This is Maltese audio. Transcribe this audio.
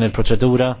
nel proċedura